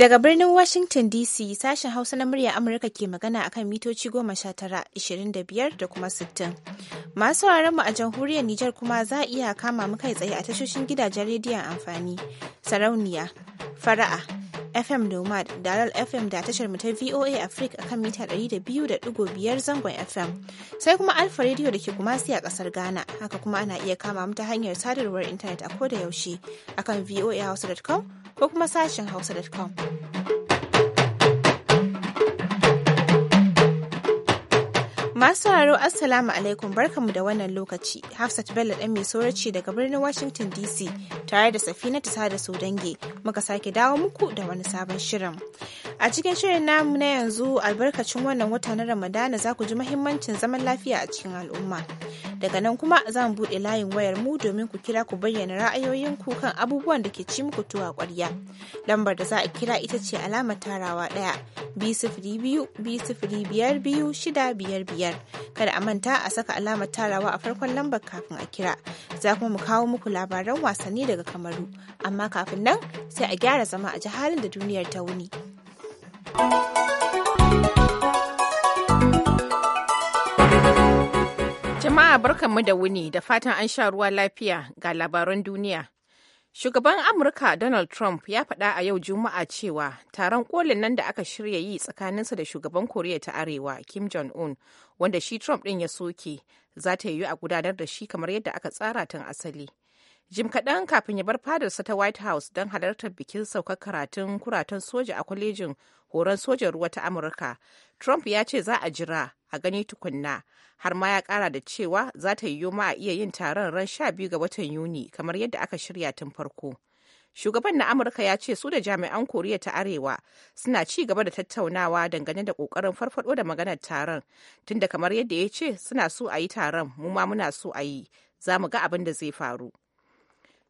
Daga birnin Washington DC sashen Hausa na murya Amurka ke magana akan mitoci goma sha tara, ishirin da biyar da kuma sittin. Masu mu a jamhuriyar Nijar kuma za a iya kama mu kai tsaye a tashoshin gidajen rediyon amfani, sarauniya, fara'a, FM Nomad, Dalal FM da tashar mu ta VOA Africa akan mita ɗari da da biyu biyar zangon FM. Sai kuma Alfa Radio da ke kuma a ƙasar Ghana, haka kuma ana iya kama mu ta hanyar sadarwar intanet a koda yaushe akan voahausa.com ko kuma sashen hausa.com. Masu sauraro Assalamu alaikum barkamu da wannan lokaci. Hafsat Bello ɗan mai ce daga birnin Washington DC tare da Safina ta sada da dange muka sake dawo muku da wani sabon shirin. A cikin shirin namu na yanzu albarkacin wannan wata na Ramadana za ku ji mahimmancin zaman lafiya a cikin al'umma. daga nan kuma za mu buɗe layin wayar mu domin ku kira ku bayyana ku kan abubuwan da ke ci muku tuwa ƙwarya lambar da za a kira ita ce alamar tarawa ɗaya bi sifiri biyu bi sifiri biyar biyu shida biyar biyar kada a manta a saka alamar tarawa a farkon lambar kafin a kira za kuma mu kawo muku labaran wasanni daga kamaru amma kafin nan sai a gyara zama a ji halin da duniyar ta wuni. thank you Jama'a barkanmu da wuni da fatan an sha ruwa lafiya ga labaran duniya. Shugaban Amurka Donald Trump ya faɗa a yau Juma'a cewa taron kolin nan da aka shirya yi tsakaninsa da shugaban Koriya ta Arewa Kim Jong-un wanda shi Trump ɗin ya soke za ta yiwu a gudanar da shi kamar yadda aka tsara tun asali. Jim kaɗan kafin ya bar fadarsa ta White House don halartar bikin saukar karatun kuratan soja a kwalejin horon sojan ruwa ta Amurka, Trump ya ce za a jira a gani tukunna har ma ya kara da cewa za ta yiwu ma a iya yin taron ran 12 ga watan yuni kamar yadda aka shirya tun farko shugaban na amurka ya ce su da jami'an koriya ta arewa suna ci gaba da tattaunawa dangane da kokarin farfado da maganar taron tunda kamar yadda ya ce suna so a yi taron mu ma muna so a yi za mu ga abin da zai faru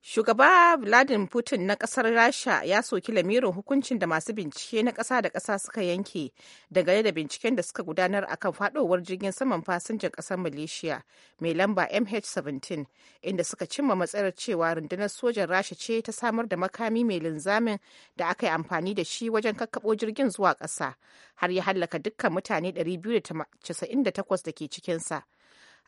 Shugaba Vladimir Putin na kasar Rasha ya soki lamirin hukuncin da masu bincike na kasa da kasa suka yanke dangane da binciken da suka gudanar a kan fadowar jirgin saman fasinjin ƙasar Malaysia mai lamba MH17 inda suka cimma matsalar cewa rundunar sojan Rasha ce ta samar da makami mai linzamin da aka yi amfani da shi wajen kakkabo jirgin zuwa kasa har ya hallaka dukkan mutane 298 da ke cikinsa.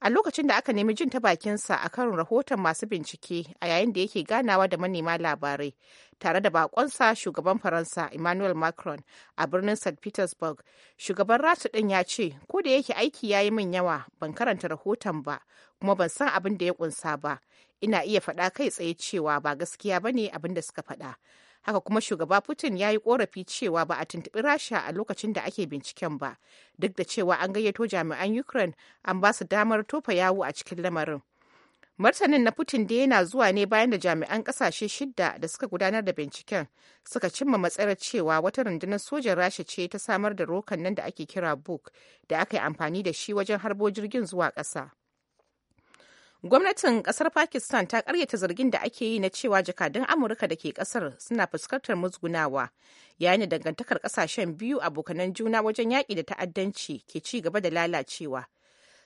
a lokacin da aka nemi jin ta bakinsa a kan rahoton masu bincike a yayin da yake ganawa da manema labarai tare da bakonsa shugaban faransa emmanuel macron a birnin st petersburg shugaban ratu din ya ce ko da yake aiki ya yi min yawa ban karanta rahoton ba kuma ban san abin da ya kunsa ba ina iya faɗa kai tsaye cewa ba gaskiya ba ne abin da suka faɗa haka kuma shugaba putin ya yi korafi cewa ba a tuntuɓi rasha a lokacin da ake binciken ba duk da cewa an gayyato jami'an ukraine an ba su damar tofa yawo a cikin lamarin martanin na putin da yana zuwa ne bayan da jami'an ƙasashe shidda da suka gudanar da binciken suka cimma matsalar cewa wata rundunar sojan rasha ce ta samar da rokan nan da ake kira book da aka yi amfani da shi wajen harbo jirgin zuwa ƙasa. Gwamnatin kasar Pakistan ta karyata zargin da ake yi na cewa jakadun Amurka da ke kasar suna fuskantar musgunawa, yayin da dangantakar kasashen biyu abokanan juna wajen yaƙi da ta'addanci ke ci gaba da lalacewa.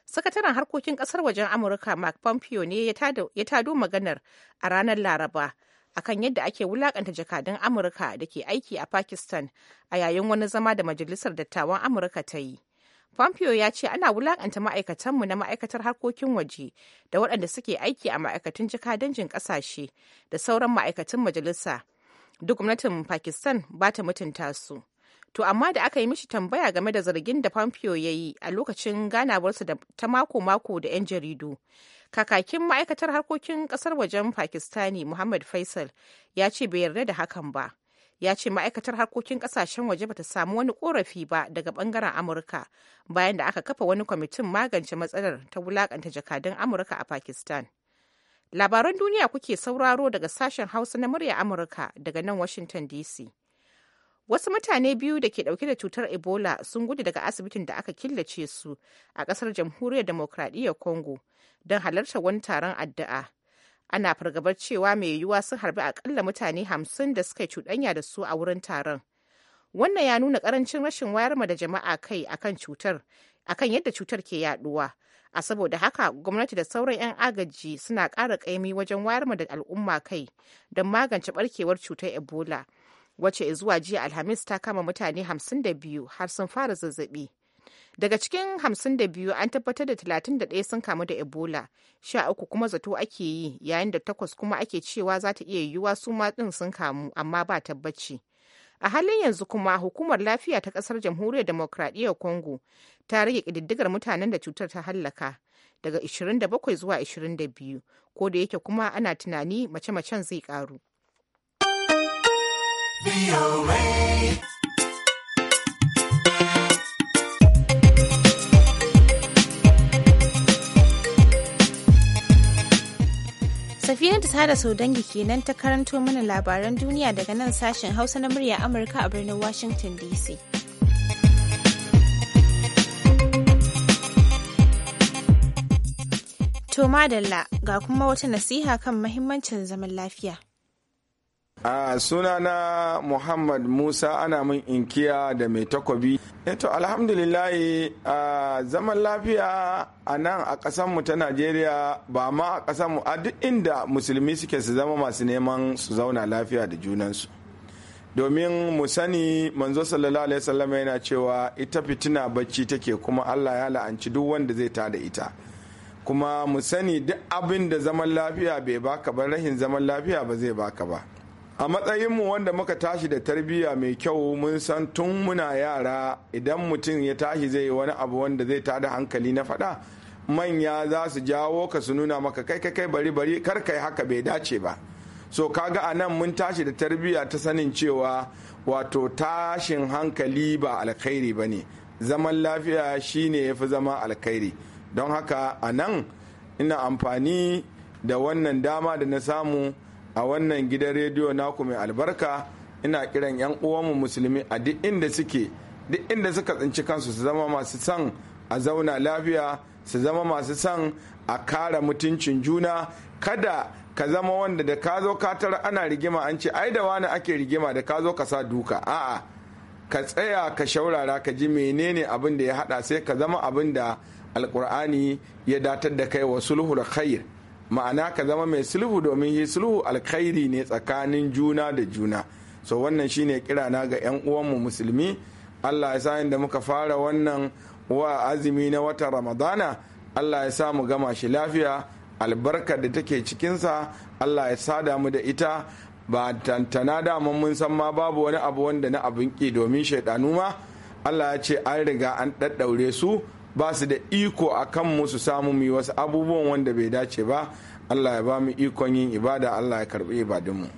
Sakataren harkokin kasar wajen Amurka Mark Pompeo ne ya tado maganar a ranar Laraba akan yadda ake wulakanta jakadun Amurka da ke aiki a Pakistan a yayin wani zama da Majalisar Dattawan Amurka ta yi. Pompeo ya ce ana wulakanta ma'aikatanmu na ma'aikatar harkokin waje da waɗanda suke aiki a ma'aikatun danjin ƙasashe da sauran ma'aikatan majalisa. Duk gwamnatin Pakistan ba ta mutunta su. To amma da aka yi mishi tambaya game da zargin da Pompeo ya yi a lokacin ganawarsa ta mako-mako da 'yan jaridu. Kakakin ma'aikatar harkokin ƙasar wajen Pakistani Muhammad Faisal ya ce bai yarda da hakan ba. ya ce ma'aikatar harkokin kasashen waje bata samu wani korafi ba daga bangaren amurka bayan da aka kafa wani kwamitin magance matsalar ta wulakanta jakadun amurka a pakistan labaran duniya kuke sauraro daga sashen hausa na murya amurka daga nan washington dc wasu mutane biyu da ke dauke da cutar ebola sun gudu daga asibitin da aka killace su a kasar jamhuriyar demokradiyyar congo don halartar wani taron addu'a ana fargabar cewa mai yiwuwa sun harbi akalla mutane hamsin da suka cuɗanya da su a wurin taron wannan ya nuna karancin rashin wayar da jama'a kai akan cutar akan yadda cutar ke yaduwa a saboda haka gwamnati da sauran 'yan agaji suna ƙara ƙaimi wajen wayar da al'umma kai don magance barkewar cutar ebola wacce zuwa jiya alhamis ta kama mutane hamsin da biyu har sun fara zazzabi daga cikin 52 an tabbatar da 31 sun kamu da ebola 13 kuma zato ake yi yayin da takwas kuma ake cewa za ta iya yiwuwa su ma ɗin sun kamu amma ba tabbaci a halin yanzu kuma hukumar lafiya ta kasar jamhuriyar demokradiyyar congo ta rage kididdigar mutanen da cutar ta hallaka daga 27 zuwa 22 ko da yake kuma ana tunani mace-macen zai ƙaru. Filin ta sada sau dangi kenan ta karanto mana labaran duniya daga nan sashen Hausa na murya Amurka a birnin Washington DC. To madalla ga kuma wata nasiha kan mahimmancin zaman lafiya. a sunana muhammad musa ana min inkiya da mai takobi eto eh alhamdulillahi a zaman lafiya a nan a ƙasanmu ta najeriya ba ma a ƙasanmu a duk inda musulmi suke su zama masu neman su zauna lafiya da junansu domin mu sani manzo sallallahu alaihi wasallam yana cewa ita fitina bacci take kuma allah ya la'anci duk wanda zai tada ita kuma mu sani duk abin da zaman lafiya bai baka ba rahin zaman lafiya ba zai baka ba a matsayinmu wanda muka tashi da tarbiyya mai kyau mun san tun muna yara idan mutum ya tashi zai wani abu wanda zai tada hankali na faɗa manya za su jawo ka su nuna maka kai kai kai bari bari kar kai haka bai dace ba so kaga a nan mun tashi da tarbiyya ta sanin cewa wato tashin hankali ba alkhairi ba ne zaman lafiya shine ya fi zama alkhairi don haka a nan ina amfani da wannan dama da na samu a wannan gidan rediyo naku mai albarka ina kiran 'yan uwanmu musulmi a duk inda suke duk inda suka tsinci kansu su zama masu son a zauna lafiya su zama masu son a kara mutuncin juna kada ka zama wanda da ka zo ka tara ana rigima an ce ai da wani ake rigima da ka zo ka sa duka a'a ka tsaya ka shaurara ka ji menene abin da ya hada sai ka zama abin da alkur'ani ya datar da kai wa sulhul khair ma'ana ka zama mai sulhu domin yi sulhu alkhairi ne tsakanin juna da juna so wannan shine kirana ga 'yan uwanmu musulmi allah ya sa da muka fara wannan wa azumi na watan ramadana allah ya sa mu gama shi lafiya albarka da take cikinsa allah ya sada mu da ita ba tantana daman mun san ma babu wani abu wanda na abin ki domin shaidanu ma allah ya ce an riga an ɗaɗɗaure su ba su da iko a kan musu samu mu yi wasu abubuwan wanda bai dace ba allah ya ba mu ikon yin ibada allah ya karbi ibadunmu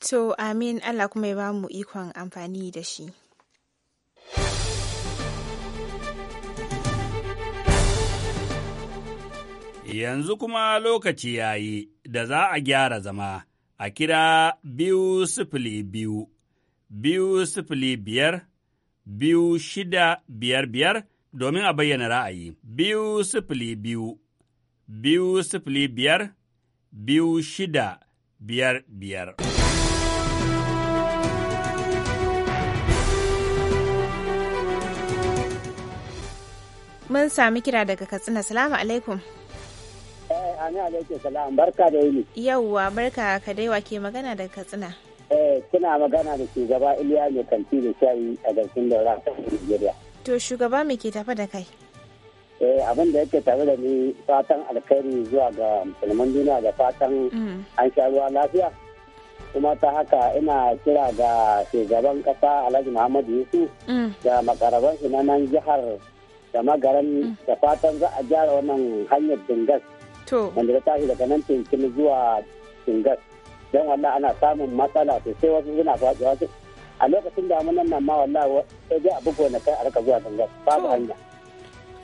to amin allah kuma ya ba mu ikon amfani da shi yanzu kuma lokaci ya yi da za a gyara zama a kira biyu sifili biyu, biyu sifili biyar, biyu shida biyar biyar domin a bayyana ra'ayi. Biyu sifili biyu, biyu sifili biyar, biyu shida biyar biyar. Mun sami kira daga Katsina, salamu alaikum. Eh, ani alaikum salam, barka da yini. Yawwa, barka ka dai ke magana daga Katsina. Eh, kina magana da shugaba Iliya mai kanti da shayi a garkin da ta Nigeria. To shugaba me ke tafi da kai? Eh abin da yake tare da ni fatan alkhairi zuwa ga musulman duniya da fatan mm. an sha ruwa lafiya. Kuma ta haka ina kira ga shugaban kasa Alhaji Muhammadu Yusuf mm. da makaraban na nan jihar da magaran mm. da fatan za a gyara wannan hanyar Dingas. To. Wanda ta tashi daga nan zuwa Dingas. Don wannan ana samun matsala sosai wasu suna faɗi wasu a lokacin damunan nan ma wallahi sai dai abu kai a rika zuwa gangar babu hanya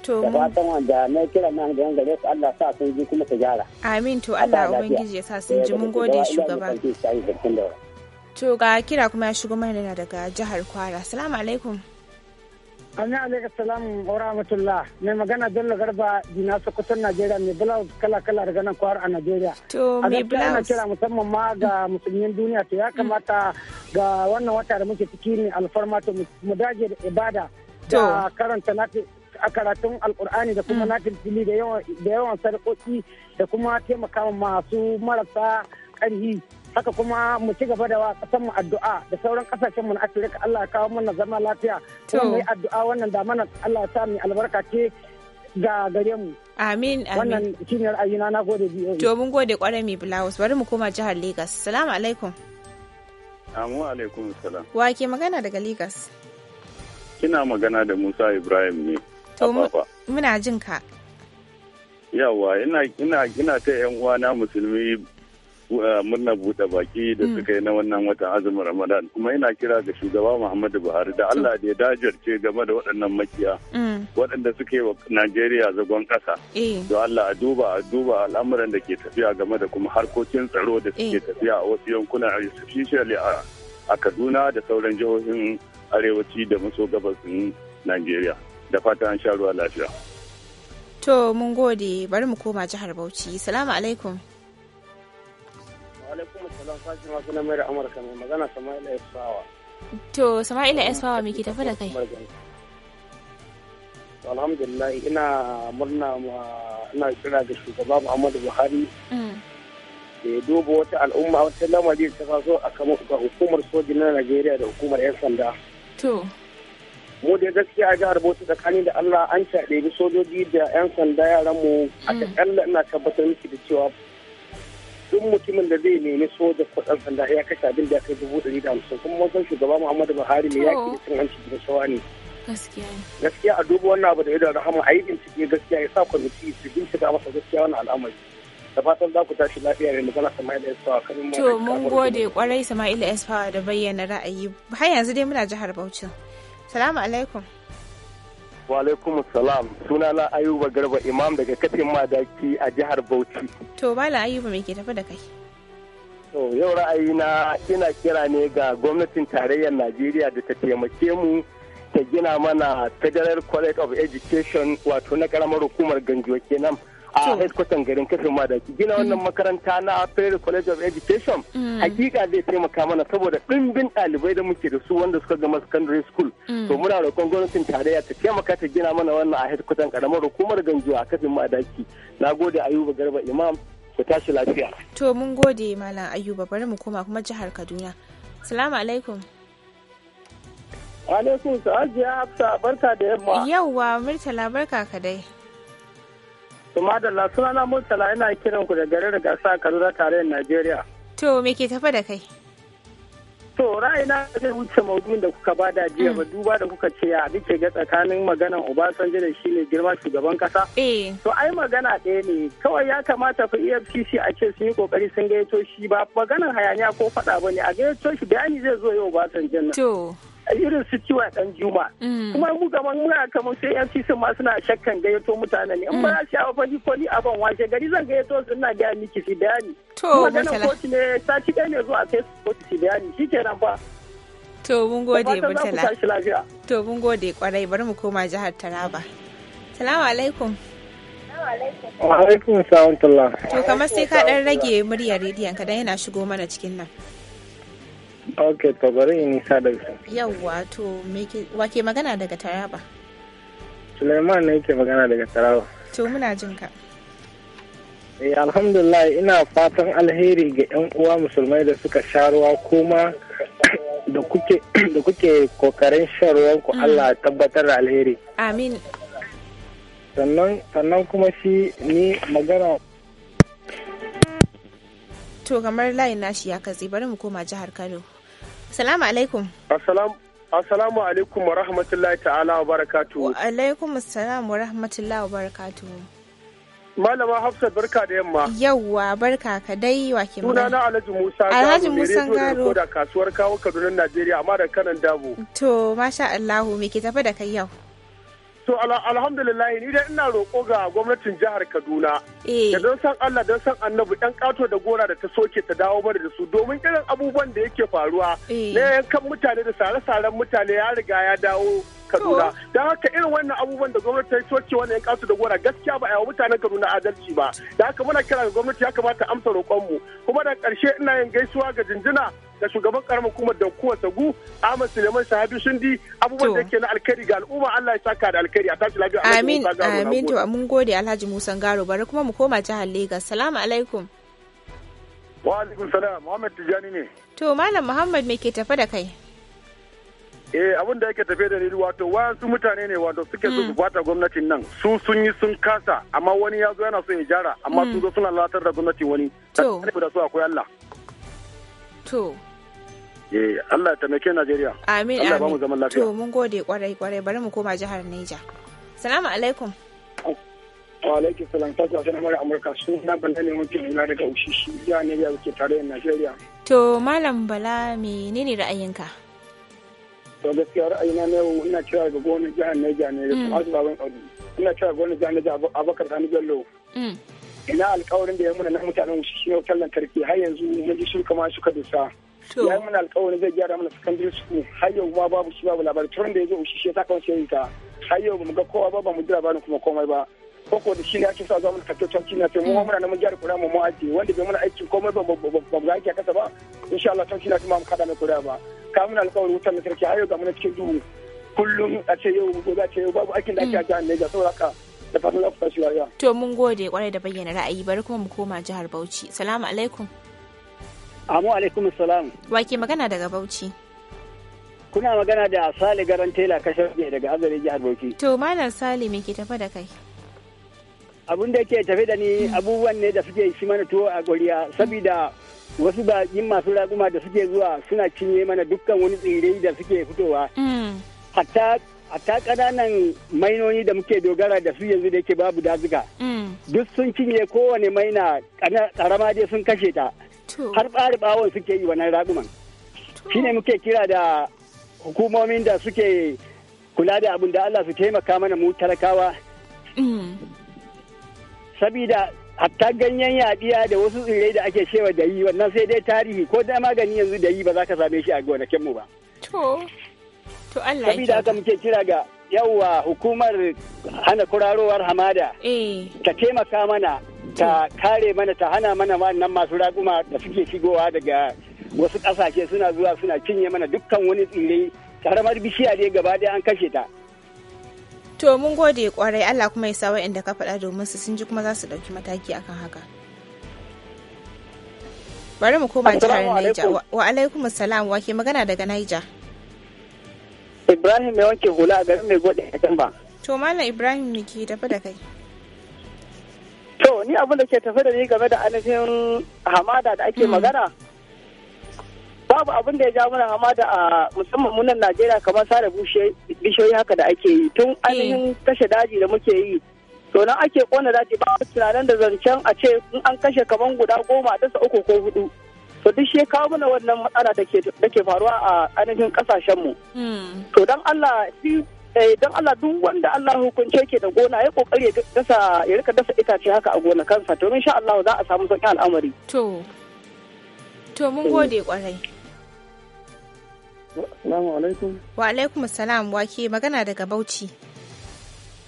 to da fatan wanda na kira nan da gare su Allah sa sun ji kuma su gyara amin to Allah ubangiji ya sa sun ji mun gode shugaba to ga kira kuma ya shigo mana daga jihar Kwara assalamu alaikum Amin alaikum salam wa rahmatullah. Mai magana Bello Garba Jina Sokoton Najeriya mai blouse kala kala daga nan kwar a Najeriya. To mai blouse. Ana kira musamman ma ga musulmin duniya to ya mm. kamata ga wannan wata da muke ciki ne alfarma mu dage da ibada. Da karanta a karatun alkur'ani da kuma mm. natin fili da yawan sarƙoƙi da kuma taimakawa masu marasa ƙarfi haka kuma mu ci gaba da wa kasan mu addu'a da sauran kasashen mu na Afirka Allah ya kawo mana zama lafiya kuma mu addu'a wannan da mana Allah ya sa mu albarka ke ga gare mu amin amin wannan shine ra'ayina na gode biyo to mun gode kwarai mai blouse bari mu koma jihar Lagos assalamu alaikum amu alaikum salam wa ke magana daga Lagos kina magana da Musa Ibrahim ne to muna jin ka yawa ina ina ina ta yan uwana musulmi Eh, murna buɗe baki da mm. suka yi na wannan watan azumin ramadan kuma ina kira ga shugaba muhammadu buhari da allah da ya ce game da waɗannan makiya mm. waɗanda suke wa najeriya zagon ƙasa to eh. allah a duba a duba al'amuran da ke tafiya game da kuma harkokin tsaro da suke eh. tafiya a wasu yankunan especially a kaduna da sauran jihohin arewaci da maso gabasin najeriya da fata an sha ruwa lafiya to mun gode bari mu koma jihar bauchi salamu alaikum alaikum assalam fashin wasu na mayar amurka mai magana sama'ila isfawa to sama'ila isfawa me ke tafi da kai alhamdulillah ina murna ma ina kira da shugaba muhammadu buhari mm. da ya duba wata al'umma wata lamari ta faso a kan hukumar soji na najeriya da hukumar 'yan sanda to mu da gaskiya a jihar bauchi tsakanin da allah an caɗe sojoji da 'yan sanda yaran mu mm. a taƙalla ina tabbatar miki da cewa duk mutumin da zai nemi soja ko ɗan sanda ya kashe abin da ya kai dubu ɗari da hamsin kuma wasan shugaba muhammadu buhari ne yaƙi ke cin hanci da ne gaskiya a dubu wannan abu da ya da rahama a yi bincike gaskiya ya sa kwamiti su bincika masa gaskiya wani al'amari da fatan za ku tashi lafiya ne magana Sama'il kan To mun gode kwarai Sama'il spawa da bayyana ra'ayi har yanzu dai muna jihar Bauchi. Salamu alaikum. Wa alaikum salam. Sunana Ayuba Garba Imam daga Katin Madaki a jihar Bauchi. To Bala Ayuba me ke tafi da kai? To yau ra'ayina ina kira ne ga gwamnatin tarayyar Najeriya da ta taimake mu ta gina mana Federal College of Education wato na karamar hukumar Ganjo kenan. a headquarter garin kafin ma gina mm. wannan makaranta na Federal College of Education mm. hakika zai taimaka mana saboda ɗimbin ɗalibai da muke da su wanda suka gama secondary school mm. to muna roƙon gwamnatin tarayya ta taimaka ta gina mana wannan a headquarter karamar hukumar Ganjuwa kafin ma da na gode Ayuba Garba Imam ku tashi lafiya. To mun gode Malam Ayuba bari mu koma kuma jihar Kaduna. Salamu alaikum. Alaikum salam Hafsa barka da yamma. Yawwa Murtala barka ka dai. To madalla sunana Murtala yana kiran ku da garin gasa Kaduna da Najeriya. To me ke tafa da kai? To ra'ayina zai wuce maudu'in da kuka bada jiya ba mm. duba da kuka ce a duke ga tsakanin maganan Obasanjo da shine girma shugaban kasa. Eh. To ai magana ɗaya ne kawai ya kamata fa EFCC a ce sun yi kokari sun gayyato shi ba maganan hayaniya ko faɗa ba ne a gayyato shi bayani zai zo yau Obasanjo nan. irin su ciwa dan juma mm. kuma mu gaban muna kamar sai yan cisin ma suna shakkan gayyato mutane ne in mm. ba a fa ni ko a ban washe gari zan gayyato su ina ga miki su bayani to maganar kotu ne ta ci ne zuwa sai kotu su bayani shikenan fa to mun gode mutala to mun gode kwarai bari mu koma jihar Taraba salamu alaikum wa alaikum salam to kamar sai ka dan rage muryar rediyon ka dan yana shigo mana cikin nan ok to bari in nisa da Yau to wake magana daga taraba suleiman ne yake magana daga taraba to muna jin ka eh alhamdulillah ina fatan alheri ga yan uwa musulmai da suka sha ruwa kuma da kuke da kuke kokarin shan ruwanku. ku mm. Allah tabbatar da alheri amin sannan sannan kuma shi ni magana to kamar layin nashi ya katse bari mu koma jihar Kano Assalamu alaikum. Assalamu alaikum wa rahmatullahi ta'ala wa barakatuhu. Wa alaikum assalam wa rahmatullahi wa barakatuhu. Malama Hafsat barka da yamma. Yawwa barka ka dai wa ke Suna na Alhaji Musa Alhaji Musa Garo. Da kasuwar kawo Kaduna Najeriya amma da kanan dabo. To masha Allahu me ke tafi da kai yau? To alhamdulillah ni dai ina roƙo ga gwamnatin jihar Kaduna. Eh. Da don san Allah don san annabi ɗan ƙato da gora da ta soke ta dawo bari da su domin irin abubuwan da yake faruwa eh. na yankan mutane da sare-saren mutane ya riga ya dawo Kaduna da haka irin wannan abubuwan da gwamnati ta yi soke wani yan kasu da gora gaskiya ba a yawa mutanen Kaduna adalci ba da haka muna kira ga gwamnati ya kamata amsa roƙonmu kuma da ƙarshe ina yin gaisuwa ga jinjina da shugaban karamar da kuwa sagu ahmad suleiman sahabi shindi abubuwan da ke na alkari ga al'umma allah ya saka da alkhairi a tashi lafiya amin amin to mun gode alhaji musa garo bari kuma mu koma jihar lagos salamu alaikum wa alaikum salam muhammad tijani ne to malam muhammad me ke tafe da kai eh abin da yake tafe da ni wato wasu mutane ne wato suke so su mm. bata gwamnatin nan su sun yi sun kasa amma wani ya zo yana so ya jara amma sun mm. zo suna latar da gwamnati wani to da su akwai Allah to eh Allah ya taimake Najeriya amin Allah ba mu zaman lafiya to mun gode kwarai kwarai bari mu koma jihar Niger salamu alaikum wa alaikum salam ta kwace na mara amurka su na banda ne mun kina daga ushishi ne ya wuce tare da Najeriya to malam bala menene ra'ayinka to gaskiya ra'ayina na yau ina cewa ga gwamnatin jihar Niger ne kuma mm. su Audu ina cewa gwamnatin jihar Niger Abubakar Sani Bello mm. ina alƙawarin da ya muna na mutanen shi ne lantarki har yanzu mun ji sun ma suka dusa ya yi muna alƙawarin zai gyara mana secondary school har yau ma babu shi babu labarin turan da ya zo ushi shi ya ta har yau mu ga kowa ba ba mu ji labarin kuma komai ba koko da shi ne ake sa zuwa mana kakkyautar kina sai mu mm. muna na mun gyara kura mu mu aje wanda bai mana aikin komai ba ba ga aiki a kasa ba insha Allah tauki na kuma mu kada mai kura ba kamun alkawar wutar na har yau ga muna cikin duhu kullum a ce yau gobe a ce yau babu aikin da ake a jihar Niger saboda haka da fatan za ku tashi lafiya. To mun gode kwarai da bayyana ra'ayi bari kuma mu koma jihar Bauchi. Salamu alaikum. Amu alaikum salam. Wa ke magana daga Bauchi? Kuna magana da Sale Garan Tela kashar daga Azare jihar Bauchi. To Malam Sale me ke tafa da kai? abun da ke tafe da ni hmm. abubuwan ne da suke shi mana tuwo a goriya saboda wasu baƙin masu raguma da suke zuwa suna cinye mana dukkan wani tsire da suke fitowa mm. hatta ƙananan mainoni da muke dogara da su yanzu da yake babu dazuka mm. duk sun cinye kowane maina ƙarama dai sun kashe ta har ɓari ɓawon suke yi wannan raguman ne muke kira da hukumomin da suke kula da abin da Allah su taimaka mana mu talakawa mm. sabida hatta ganyen yaɗiya da wasu tsirrai da ake shewa da yi wannan sai dai tarihi ko da magani yanzu da yi ba za ka same shi a gonakin mu ba. To, to Allah ya haka muke kira ga yawwa hukumar hana kurarowar hamada. Eh. Ta taimaka mana ta kare mana ta hana mana wannan masu raguma da suke shigowa daga wasu kasashe suna zuwa suna cinye mana dukkan wani tsirrai karamar bishiya dai gaba ɗaya an kashe ta. to mun gode kwarai Allah kuma ya sa wa'anda ka faɗa domin su sun ji kuma za su ɗauki mataki akan haka bari mu koma jihar Niger wa alaikum salam wa ke magana daga Niger Ibrahim ya wanke hula a garin mai gode a ba. to malam Ibrahim ne ke tafi da kai to ni abin da ke tafi da ni game da ainihin hamada da ake mm. magana babu abin da ya ja mana da a musamman munan najeriya kamar sare bishiyoyi haka da ake yi tun eh. ainihin kashe daji da muke yi to nan ake kona daji ba tunanin da zancen a ce in an kashe kamar guda goma dasa uku ko hudu to duk shi kawo mana wannan matsala da ke faruwa a ainihin kasashen mu hmm. to dan Allah eh, dan Allah duk wanda Allah hukunce ke da gona ya kokari ya dasa ya rika dasa itace haka a gonakansa to insha Allah za a samu sauƙin al'amari to to mun gode kwarai Assalamu alaikum. Wa alaikum wake magana daga Bauchi.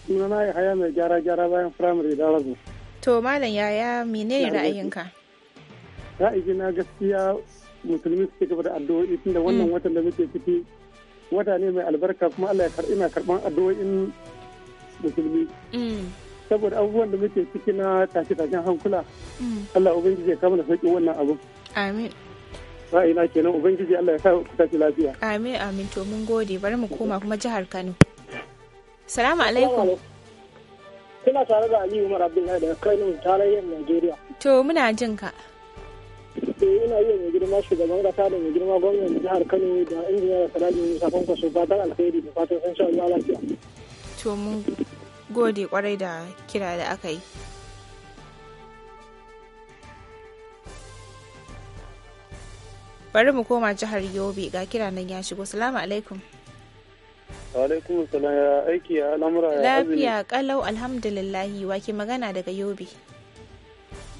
Sunana ya haya mai gyara gyara bayan firamare da rabu. To malam yaya ne ra'ayinka? Ra'ayi na gaskiya musulmi suke gaba da addu'o'i tunda wannan mm. watan da muke ciki wata ne mai albarka kuma Allah ya karɓi na karɓan addu'o'in musulmi. Mm. Saboda abubuwan da muke ciki na tashe-tashen hankula, mm. Allah Ubangiji ya kama da sauƙi wannan abu. Amin. ra'ayina kenan ubangiji Allah ya sa ku lafiya amin amin to mun gode bari mu koma kuma jihar Kano salamu alaikum kina tare da Aliyu Umar Abdullahi daga Kano tarayyar Najeriya to muna jin ka eh, ina yi mai girma shugaban kasa da mai girma gwamnati jihar kano da injiniyar saraji musa kwankwaso fatan alheri da fatan san sha Allah lafiya to mun gode kwarai da kira da aka yi bari mu koma jihar yobe ga kira nan ya shigo salamu alaikum alaikum salam ya aiki ya al'amura ya lafiya kalau alhamdulillahi wake magana daga yobe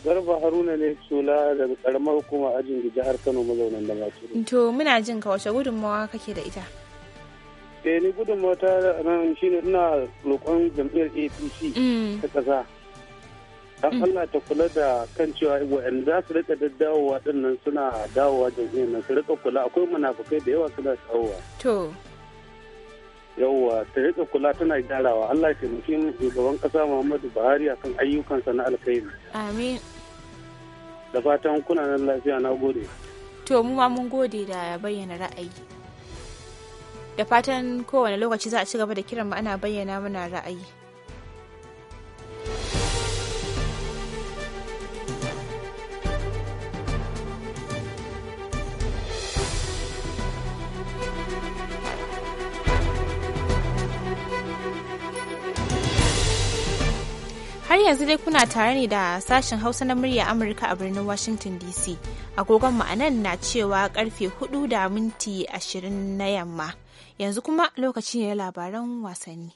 garba haruna ne sula daga karamar hukuma ajin da jihar kano mazaunan da maturu to muna jin ka wace gudunmawa kake da ita eh ni gudunmawa ta nan shine ina roƙon jam'iyyar apc mm. ta ƙasa dan mm. Allah ta kula da kan cewa wa'in za su rika daddawowa dinnan suna dawowa jam'iyyar nan su rika kula akwai munafukai da yawa suna tsawowa. To. Yawwa ta rika kula tana gyarawa Allah ya taimaki shugaban kasa Muhammadu Buhari akan ayyukansa na alkhairi. Amin. Da fatan kuna nan lafiya na gode. To mu ma mun gode da bayyana ra'ayi. Da fatan kowane lokaci za a ci gaba da kiran mu ana bayyana mana ra'ayi. Har yanzu dai kuna tare ne da sashen Hausa na murya Amurka a birnin Washington DC. Agogon ma'anan na cewa karfe 4 da minti 20 na yamma. Yanzu kuma lokaci ne labaran wasanni.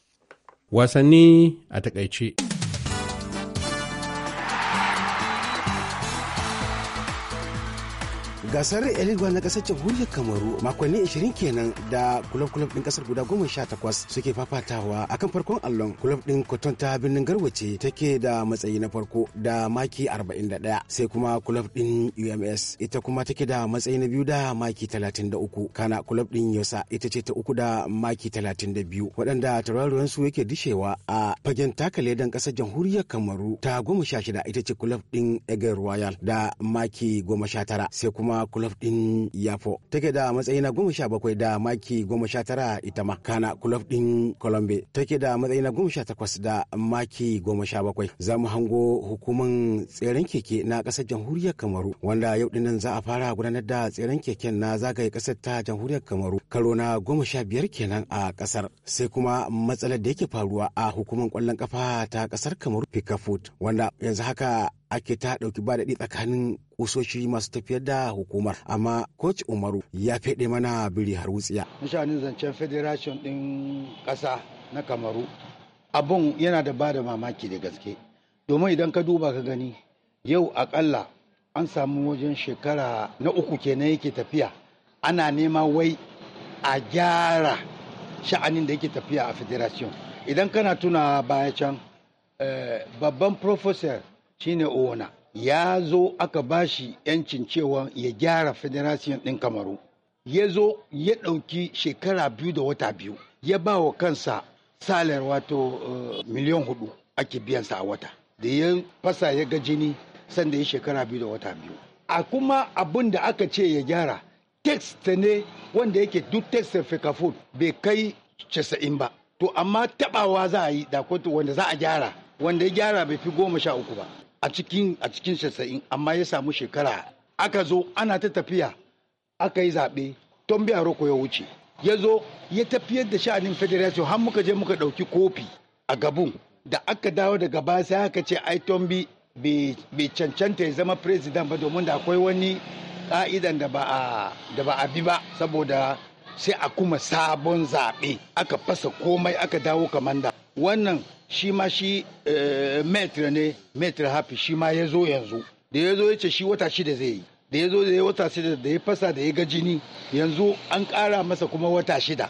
Wasanni a takaice. gasar eligwa na kasar jamhuriyar kamaru makonni 20 kenan da kulob-kulob din kasar guda 18 suke fafatawa akan farkon allon kulob din cotton ta birnin garwace take da matsayi na farko da maki 41 sai kuma kulob din ums ita kuma take da matsayi na biyu da maki 33 kana kulob din yosa ita ce ta uku da maki 32 waɗanda tauraruwan su yake dishewa a fagen taka ledan kasar jamhuriyar kamaru ta 16 ita ce kulob din eger royal da maki 19 sai kuma kuma kulof din yafo take da matsayi na goma sha bakwai da maki goma sha tara ita ma kana kulof din colombe take da matsayi na goma sha takwas da maki goma sha bakwai za mu hango hukuman tseren keke na kasar jamhuriyar kamaru wanda yau dinnan za a fara gudanar da tseren keken na zagaye kasar ta jamhuriyar kamaru karo na goma sha biyar kenan a kasar sai kuma matsalar da yake faruwa a hukumar kwallon kafa ta kasar kamaru pikafoot wanda yanzu haka ake ta ɗauki ba daɗi tsakanin kusoshi masu tafiyar da hukumar amma coach umaru ya fede mana biri har wutsiya mutanen zancen federation ɗin ƙasa na kamaru abun yana da ba da mamaki da gaske domin idan ka duba ka gani yau akalla an samu wajen shekara na uku kenan yake tafiya ana nema wai a gyara sha'anin da yake tafiya a federation idan kana tuna baya can eh, babban professor shine owona ya zo aka ba shi yancin cewa ya gyara federation din kamaru ya zo ya ɗauki shekara biyu da wata biyu ya ba wa kansa salar wato eh, miliyan hudu ake biyansa a wata da ya fasa ya ga jini sanda ya shekara biyu da wata biyu a kuma abin da aka ce ya gyara text ne wanda yake duk text fekafut bai kai casa'in ba to amma tabawa za a yi da wanda za a gyara wanda ya gyara bai fi goma sha uku ba a cikin a cikin sassa'in amma ya samu shekara aka zo ana ta tafiya aka yi zaɓe ton biya roko ya wuce ya zo ya tafiyar da sha'anin federation har muka je muka ɗauki kofi a gabun da aka dawo daga baya sai aka ce ai tombi bai cancanta ya zama president ba domin da akwai wani ka'idan da ba a bi ba saboda sai a kuma sabon zaɓe aka fasa komai aka dawo kamanda wannan shi ma shi eh, metre ne metre hafi shi ma ya zo yanzu da ya zo ya ce shi wata shida zai yi da ya zo da ya wata shida da ya fasa da ya ga jini yanzu an ƙara masa kuma wata shida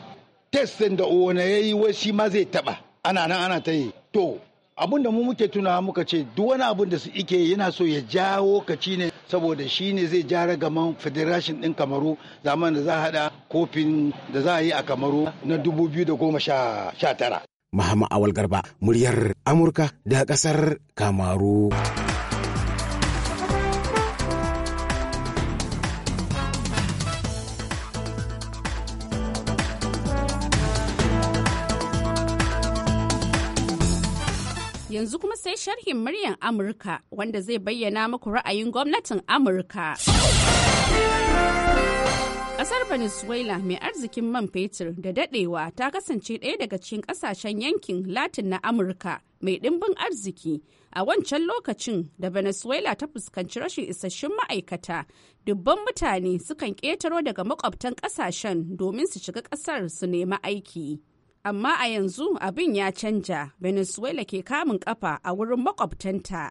test din da uwana ya wai shi ma zai taɓa ana nan ana ta yi to abun da mu muke tunawa muka ce duk wani abun da su ike yana so ya jawo kaci ne saboda shi ne zai ja ragaman federation din kamaru zaman da za a hada kofin da za a yi a kamaru na 2019 Mahama Awal Garba, muryar Amurka da ƙasar Kamaru. Yanzu kuma sai sharhin muryar Amurka wanda zai bayyana muku ra'ayin gwamnatin Amurka. Kasar Venezuela mai arzikin man fetur da dadewa ta kasance ɗaya daga cikin ƙasashen yankin Latin na Amurka mai ɗimbin arziki a wancan lokacin da Venezuela ta fuskanci rashin isasshun ma'aikata dubban mutane sukan ƙetaro daga makwabtan ƙasashen domin su shiga ƙasar su nemi aiki. Amma a yanzu abin ya canja, Venezuela ke kamun kafa a wurin makwabtanta.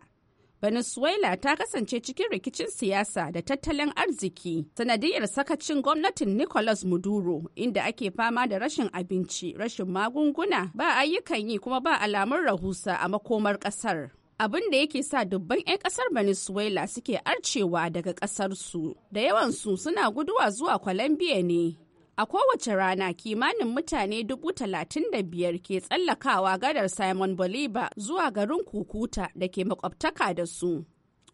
Venezuela ta kasance cikin rikicin siyasa da tattalin arziki sanadiyar sakacin gwamnatin Nicolas Maduro inda ake fama da rashin abinci, rashin magunguna, ba ayyukan yi kuma ba alamun rahusa a makomar kasar. abin da yake sa dubban 'yan kasar venezuela suke arcewa daga kasarsu da yawansu suna guduwa zuwa colombia ne A kowace rana kimanin mutane dubu talatin da biyar ke tsallakawa gadar Simon Bolivar zuwa garin Kukuta da ke makwabtaka da su.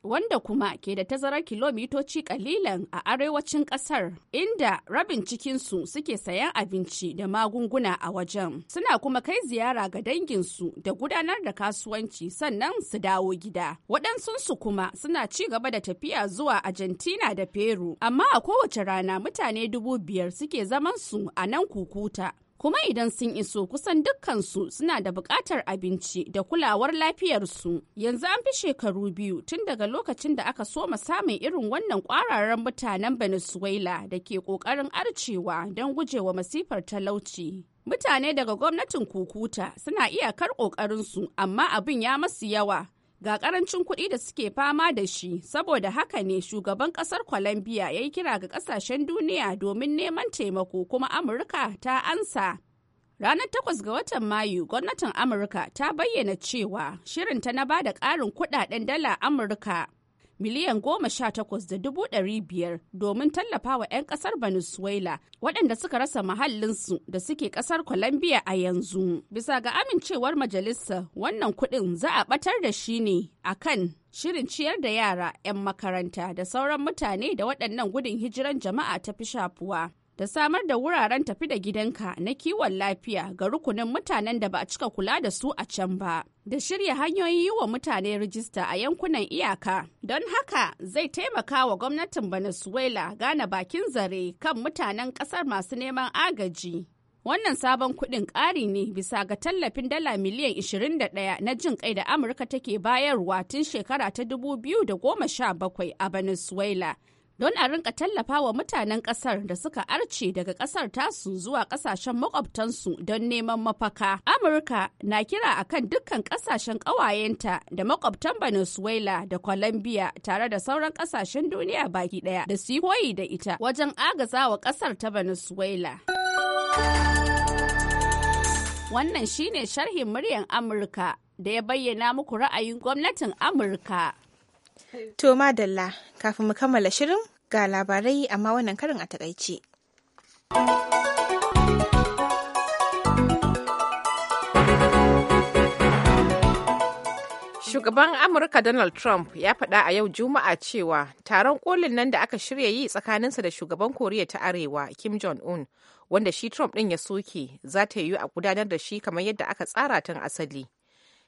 wanda kuma ke da tazarar kilomitoci kalilan a arewacin kasar inda rabin cikinsu suke sayan abinci da magunguna a wajen suna kuma kai ziyara ga danginsu da gudanar da kasuwanci sannan su dawo gida waɗansunsu kuma suna ci gaba da tafiya zuwa argentina da peru amma a kowace rana mutane dubu biyar suke zamansu a nan kukuta kuma idan sun iso kusan dukkansu suna da buƙatar abinci da kulawar lafiyarsu yanzu an fi shekaru biyu tun daga lokacin da aka soma samun irin wannan ƙwararren mutanen venezuela da ke ƙoƙarin arcewa don gujewa masifar talauci mutane daga gwamnatin kukuta suna iyakar ƙoƙarinsu amma abin ya masu yawa ga karancin kuɗi da suke fama da shi saboda haka ne shugaban ƙasar colombia ya yi kira ga ƙasashen duniya domin neman taimako kuma amurka ta ansa ranar 8 ga watan mayu gwamnatin amurka ta bayyana cewa shirinta na ba da ƙarin kuɗaɗen dala amurka miliyan goma sha takwas da dubu ɗari biyar domin tallafawa 'yan ƙasar Venezuela waɗanda suka rasa mahallinsu da suke ƙasar Colombia a yanzu. Bisa ga amincewar majalisa wannan kuɗin za a ɓatar da shi ne a kan shirin ciyar da yara 'yan makaranta da sauran mutane da waɗannan gudun hijiran jama'a ta fi shafuwa. da samar da wuraren tafi da gidanka na kiwon lafiya ga rukunin mutanen da ba a cika kula da su a can ba. Da shirya hanyoyi yi wa mutane rijista a yankunan iyaka. Don haka zai taimaka wa gwamnatin Venezuela gane bakin zare kan mutanen ƙasar masu neman agaji. Wannan sabon kuɗin ƙari ne bisa ga tallafin dala miliyan 21 na jin kai da Amurka take bayarwa tun shekara ta 2017 a Venezuela. don a rinka tallafa wa mutanen kasar da suka arce daga kasar tasu zuwa kasashen makwabtansu don neman mafaka. Amurka na kira a kan dukkan kasashen ƙawayenta da makwabtan Venezuela da Colombia tare da sauran kasashen duniya baki ɗaya da su koyi da ita wajen agaza wa kasar ta Venezuela. Wannan shine sharhin muryan Amurka da ya bayyana muku ra'ayin gwamnatin Amurka. To madalla kafin mu kammala shirin ga labarai amma wannan karin a takaice. Shugaban Amurka Donald Trump ya faɗa a yau Juma'a cewa taron kolin nan da aka shirya yi tsakaninsa da shugaban Koriya ta Arewa Kim Jong-un wanda shi Trump ɗin ya soke za ta yiwu a gudanar da shi kamar yadda aka tsara tun asali.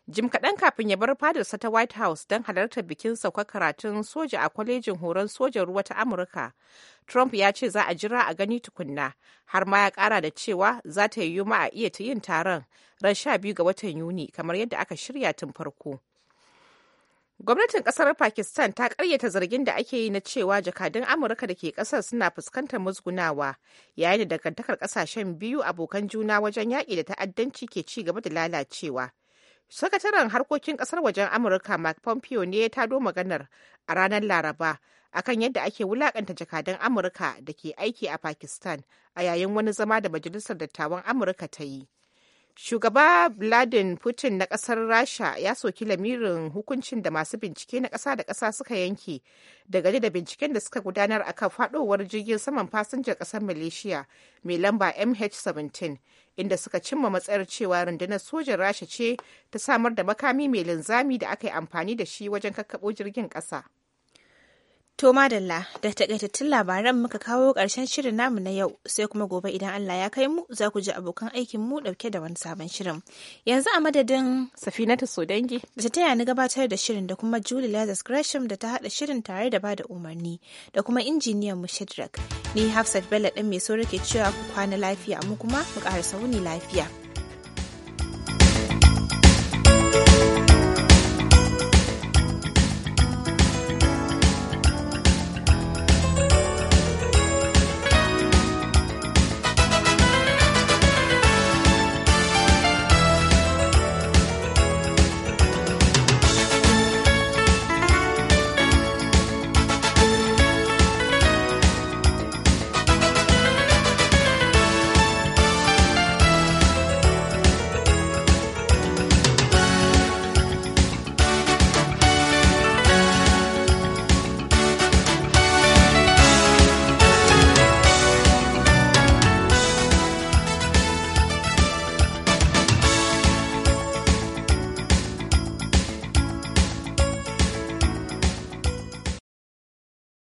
jim kaɗan kafin ya bar fadarsa ta white house don halartar bikin saukar karatun soja a kwalejin horon sojan ruwa ta amurka trump ya ce za a jira a gani tukunna har ma ya ƙara da cewa za ta yi ma a iya ta yin taron ran sha biyu ga watan yuni kamar yadda aka shirya tun farko gwamnatin kasar pakistan ta karyata zargin da ake yi na cewa jakadun amurka da ke ƙasar suna fuskantar musgunawa yayin da dangantakar kasashen biyu abokan juna wajen yaƙi da ta'addanci ke ci gaba da lalacewa sakataren harkokin kasar wajen amurka mark pompeo ne ya tado maganar a ranar laraba akan yadda ake wulakanta jakadan amurka da ke aiki a pakistan a yayin wani zama da majalisar dattawan amurka ta yi Shugaba Vladimir Putin na ƙasar Rasha ya soki lamirin hukuncin da masu bincike na ƙasa da ƙasa suka yanke daga da binciken da suka gudanar a kan faɗowar jirgin saman fasinjar ƙasar Malaysia mai lamba MH17 inda suka cimma matsayar cewa rundunar sojan Rasha ce ta samar da makami mai linzami da aka yi amfani da shi wajen kakkaɓo jirgin ƙasa. To madalla da takaitattun labaran muka kawo ƙarshen shirin namu na yau sai kuma gobe idan Allah ya kai mu za ku ji abokan aikin mu ɗauke da wani sabon shirin. Yanzu a madadin Safinatu Sodangi da ta taya ni gabatar da shirin da kuma Julie Lazarus Gresham da ta haɗa shirin tare da bada umarni da kuma injiniyan mu Shadrack. Ni Hafsat Bello ɗan mai so ke cewa ku kwana lafiya mu kuma mu ƙara sauni lafiya.